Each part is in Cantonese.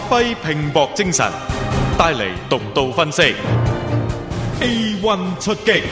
發揮拼搏精神，帶嚟獨到分析。A one 出擊，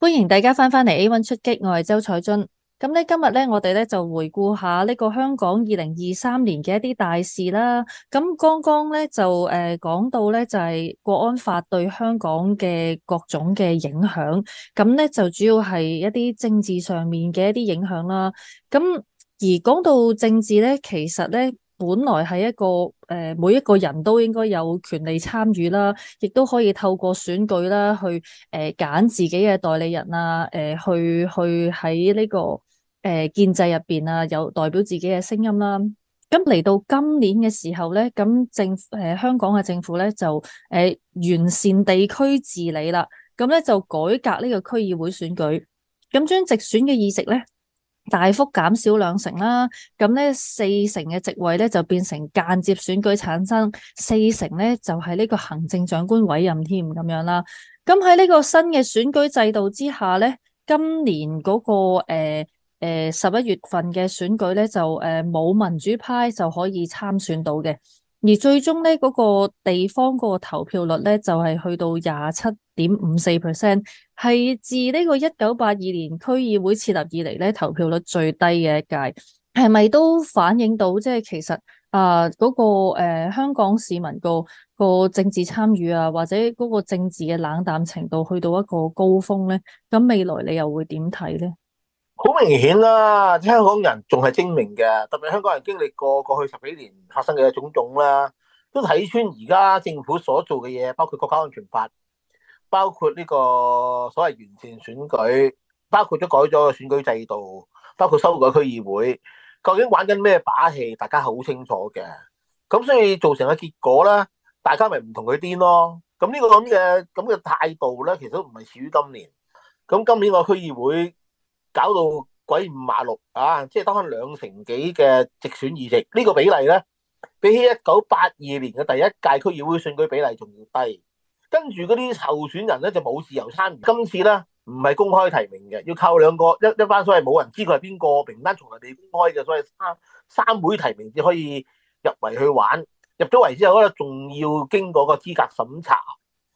歡迎大家翻返嚟 A one 出擊，我係周彩津。咁咧今日咧，我哋咧就回顧下呢個香港二零二三年嘅一啲大事啦。咁剛剛咧就誒講到咧就係國安法對香港嘅各種嘅影響。咁咧就主要係一啲政治上面嘅一啲影響啦。咁而講到政治咧，其實咧……本來係一個誒、呃，每一個人都應該有權利參與啦，亦都可以透過選舉啦，去誒揀、呃、自己嘅代理人啊，誒、呃、去去喺呢、這個誒、呃、建制入邊啊，有、呃、代表自己嘅聲音啦。咁嚟到今年嘅時候咧，咁政誒、呃、香港嘅政府咧就誒、呃、完善地區治理啦，咁咧就改革呢個區議會選舉，咁將直選嘅議席咧。大幅減少兩成啦，咁咧四成嘅席位咧就變成間接選舉產生，四成咧就係呢個行政長官委任添咁樣啦。咁喺呢個新嘅選舉制度之下咧，今年嗰個誒誒十一月份嘅選舉咧就誒冇民主派就可以參選到嘅，而最終咧嗰個地方嗰個投票率咧就係去到廿七點五四 percent 係自呢個一九八二年區議會設立以嚟咧投票率最低嘅一屆，係咪都反映到即係其實啊嗰個誒、呃、香港市民個個政治參與啊或者嗰個政治嘅冷淡程度去到一個高峰咧？咁未來你又會點睇咧？好明顯啦、啊，香港人仲係精明嘅，特別香港人經歷過過去十幾年發生嘅種種啦，都睇穿而家政府所做嘅嘢，包括國家安全法。包括呢個所謂完善選舉，包括咗改咗個選舉制度，包括修改區議會，究竟玩緊咩把戲？大家好清楚嘅。咁所以造成嘅結果咧，大家咪唔同佢癲咯。咁呢個咁嘅咁嘅態度咧，其實都唔係始於今年。咁今年個區議會搞到鬼五馬六啊！即係得翻兩成幾嘅直選議席，呢個比例咧，比起一九八二年嘅第一屆區議會選舉比例仲要低。跟住嗰啲候選人咧就冇自由參與，今次咧唔係公開提名嘅，要靠兩個一一班，所謂冇人知佢係邊個名單從來未公開嘅，所謂三三會提名先可以入圍去玩，入咗圍之後咧仲要經過個資格審查。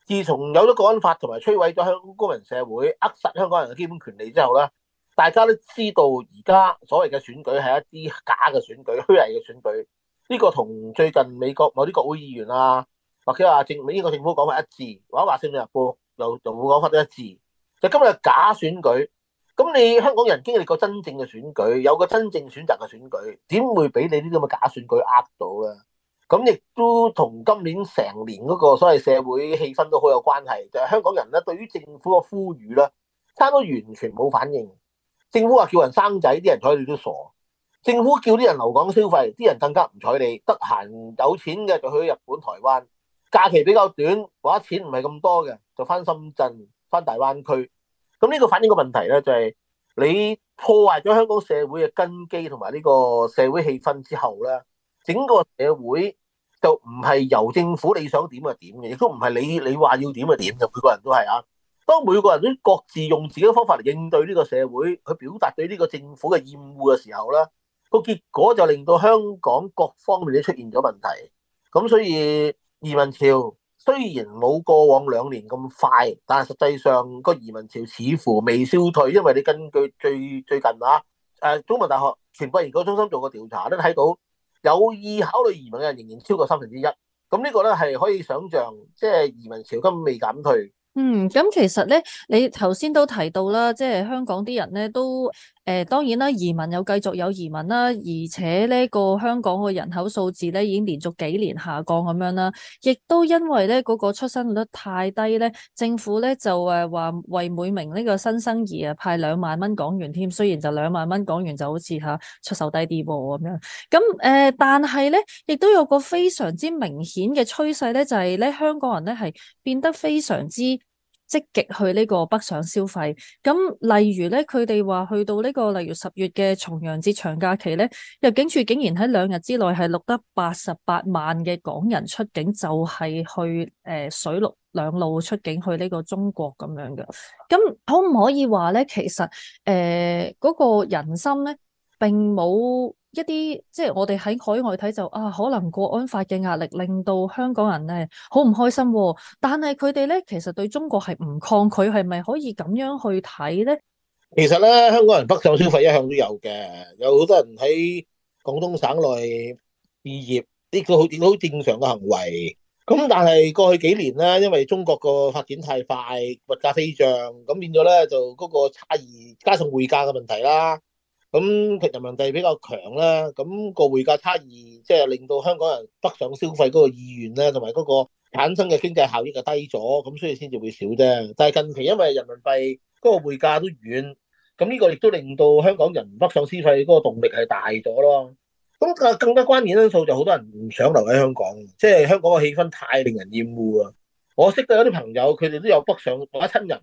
自從有咗《國安法》同埋摧毀咗香港公民社會、扼殺香港人嘅基本權利之後咧，大家都知道而家所謂嘅選舉係一啲假嘅選舉、虛偽嘅選舉。呢個同最近美國某啲國會議員啊～或者話政呢個政府講法一致，或者話選舉入波又又會講法都一致。就今日假選舉，咁你香港人經歷過真正嘅選舉，有個真正選擇嘅選舉，點會俾你呢啲咁嘅假選舉呃到咧？咁亦都同今年成年嗰個所謂社會氣氛都好有關係。就係香港人咧，對於政府嘅呼籲咧，差唔多完全冇反應。政府話叫人生仔，啲人睬你都傻。政府叫啲人留港消費，啲人更加唔睬你。得閒有錢嘅就去日本、台灣。假期比較短，或者錢唔係咁多嘅，就翻深圳，翻大灣區。咁呢個反映個問題咧、就係，就係你破壞咗香港社會嘅根基同埋呢個社會氣氛之後咧，整個社會就唔係由政府想你想點就點嘅，亦都唔係你你話要點就點就每個人都係啊。當每個人都各自用自己嘅方法嚟應對呢個社會，去表達對呢個政府嘅厭惡嘅時候咧，個結果就令到香港各方面都出現咗問題。咁所以，移民潮雖然冇過往兩年咁快，但係實際上個移民潮似乎未消退，因為你根據最最近吓，誒、啊，中文大學全國研究中心做過調查都睇到有意考慮移民嘅人仍然超過三分之一，咁呢個咧，係可以想象，即係移民潮根本未減退。嗯，咁其實咧，你頭先都提到啦，即係香港啲人咧都。誒當然啦，移民有繼續有移民啦，而且呢個香港嘅人口數字咧已經連續幾年下降咁樣啦，亦都因為咧嗰個出生率太低咧，政府咧就誒話為每名呢個新生兒啊派兩萬蚊港元添，雖然就兩萬蚊港元就好似嚇出售低啲噃咁樣，咁誒，但係咧亦都有個非常之明顯嘅趨勢咧，就係咧香港人咧係變得非常之。積極去呢個北上消費，咁例如咧，佢哋話去到呢、這個，例如十月嘅重陽節長假期咧，入境處竟然喺兩日之內係錄得八十八萬嘅港人出境，就係、是、去誒、呃、水陸兩路出境去呢個中國咁樣嘅。咁可唔可以話咧？其實誒嗰、呃那個人心咧？並冇一啲，即係我哋喺海外睇就啊，可能國安法嘅壓力令到香港人誒好唔開心。但係佢哋咧，其實對中國係唔抗拒，係咪可以咁樣去睇咧？其實咧，香港人北上消費一向都有嘅，有好多人喺廣東省內置業，呢個好點好正常嘅行為。咁但係過去幾年咧，因為中國個發展太快，物價飛漲，咁變咗咧就嗰個差異，加上匯價嘅問題啦。咁其實人民幣比較強啦，咁、嗰個匯價差異即係令到香港人北上消費嗰個意願咧，同埋嗰個產生嘅經濟效益就低咗，咁所以先至會少啫。但係近期因為人民幣嗰個匯價都軟，咁呢個亦都令到香港人北上消費嗰個動力係大咗咯。咁更更加關鍵因素就好多人唔想留喺香港，即係香港嘅氣氛太令人厭惡啦。我識到有啲朋友，佢哋都有北上攞親人，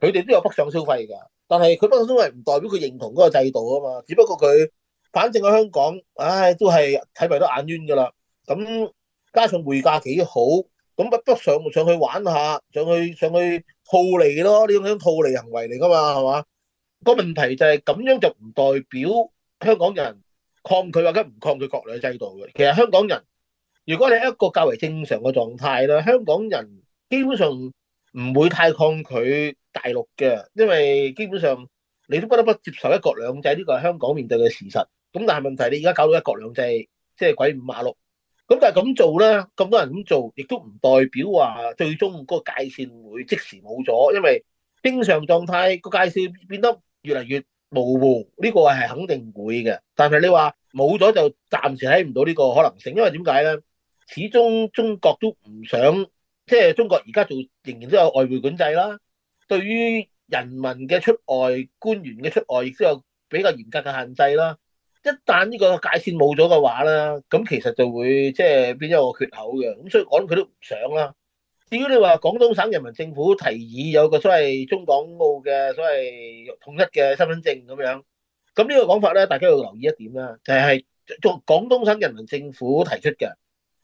佢哋都有北上消費㗎。但係佢不過都係唔代表佢認同嗰個制度啊嘛，只不過佢反正喺香港，唉，都係睇埋都眼冤㗎啦。咁加上匯價幾好，咁不不上上去玩下，上去上去套利咯，呢種套利行為嚟㗎嘛，係嘛？個問題就係咁樣就唔代表香港人抗拒或者唔抗拒國內嘅制度嘅。其實香港人，如果你係一個較為正常嘅狀態啦，香港人基本上。唔會太抗拒大陸嘅，因為基本上你都不得不接受一國兩制呢個係香港面對嘅事實。咁但係問題，你而家搞到一國兩制即係鬼五馬六，咁但係咁做咧，咁多人咁做，亦都唔代表話最終嗰個界線會即時冇咗，因為正常狀態個界線變得越嚟越模糊，呢個係肯定會嘅。但係你話冇咗就暫時睇唔到呢個可能性，因為點解咧？始終中國都唔想。即係中國而家做仍然都有外匯管制啦，對於人民嘅出外、官員嘅出外亦都有比較嚴格嘅限制啦。一旦呢個界線冇咗嘅話啦，咁其實就會即係變咗個缺口嘅咁，所以講佢都唔想啦。至於你話廣東省人民政府提議有個所謂中港澳嘅所謂統一嘅身份證咁樣，咁呢個講法咧，大家要留意一點啦，就係做廣東省人民政府提出嘅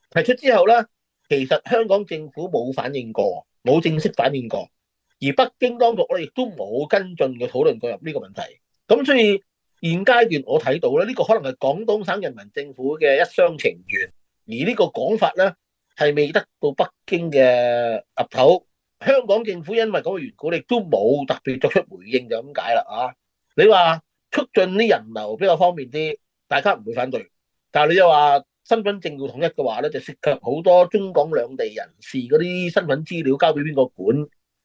提出之後咧。其實香港政府冇反應過，冇正式反應過，而北京當局我亦都冇跟進嘅討論過入呢個問題。咁所以現階段我睇到咧，呢個可能係廣東省人民政府嘅一廂情願，而呢個講法咧，係未得到北京嘅納頭。香港政府因為嗰個緣故，亦都冇特別作出回應就咁解啦啊！你話促進啲人流比較方便啲，大家唔會反對，但係你又話。身份證要統一嘅話咧，就涉及好多中港兩地人士嗰啲身份資料交俾邊個管，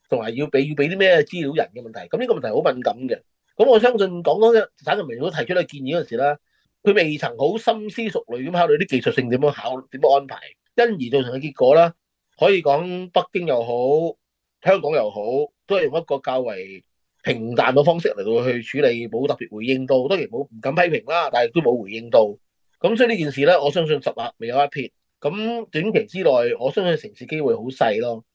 同埋要俾要俾啲咩資料人嘅問題。咁呢個問題好敏感嘅。咁我相信廣東省人民委提出呢個建議嗰陣時啦，佢未曾好深思熟慮咁考慮啲技術性點樣考點樣安排，因而造成嘅結果啦，可以講北京又好，香港又好，都係用一個較為平淡嘅方式嚟到去處理，冇特別回應到。當然冇唔敢批評啦，但係都冇回應到。咁所以呢件事咧，我相信十日未有一撇。咁短期之內，我相信城市機會好細咯。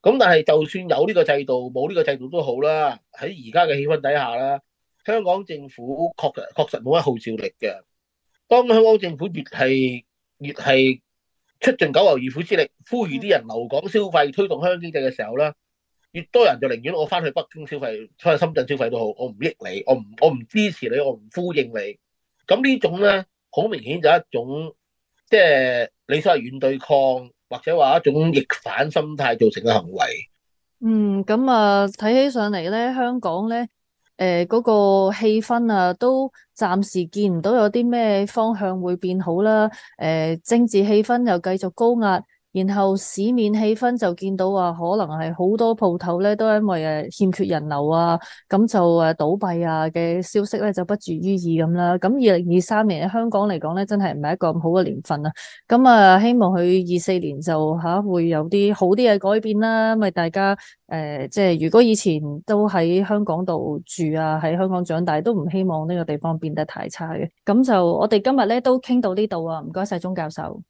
咁但係就算有呢個制度，冇呢個制度都好啦。喺而家嘅氣氛底下啦，香港政府確確實冇乜號召力嘅。當香港政府越係越係出盡九牛二虎之力，呼籲啲人留港消費，推動香港經濟嘅時候咧，越多人就寧願我翻去北京消費，翻去深圳消費都好，我唔益你，我唔我唔支持你，我唔呼應你。咁呢種咧。好明顯就一種，即係你所謂軟對抗，或者話一種逆反心態造成嘅行為。嗯，咁啊，睇起上嚟咧，香港咧，誒，嗰個氣氛啊，都暫時見唔到有啲咩方向會變好啦。誒，政治氣氛又繼續高壓。然後市面氣氛就見到啊，可能係好多鋪頭咧都因為誒欠缺人流啊，咁就誒倒閉啊嘅消息咧就不絕於耳咁啦。咁二零二三年喺香港嚟講咧，真係唔係一個咁好嘅年份啊。咁啊，希望佢二四年就吓會有啲好啲嘅改變啦。咁咪大家誒、呃，即係如果以前都喺香港度住啊，喺香港長大都唔希望呢個地方變得太差嘅。咁就我哋今日咧都傾到呢度啊，唔該晒鍾教授。